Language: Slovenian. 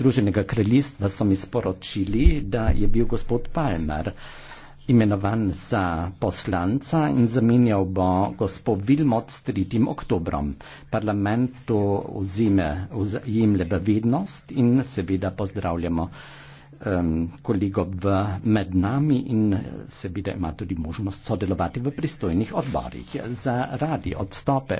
Združenega kraljestva so mi sporočili, da je bil gospod Palmer imenovan za poslanca in zamenjal bo gospod Vilmot s 3. oktobrom. Parlament to vzime, jemlje v vednost in seveda pozdravljamo um, kolego v med nami in seveda ima tudi možnost sodelovati v pristojnih odborih za radi odstope.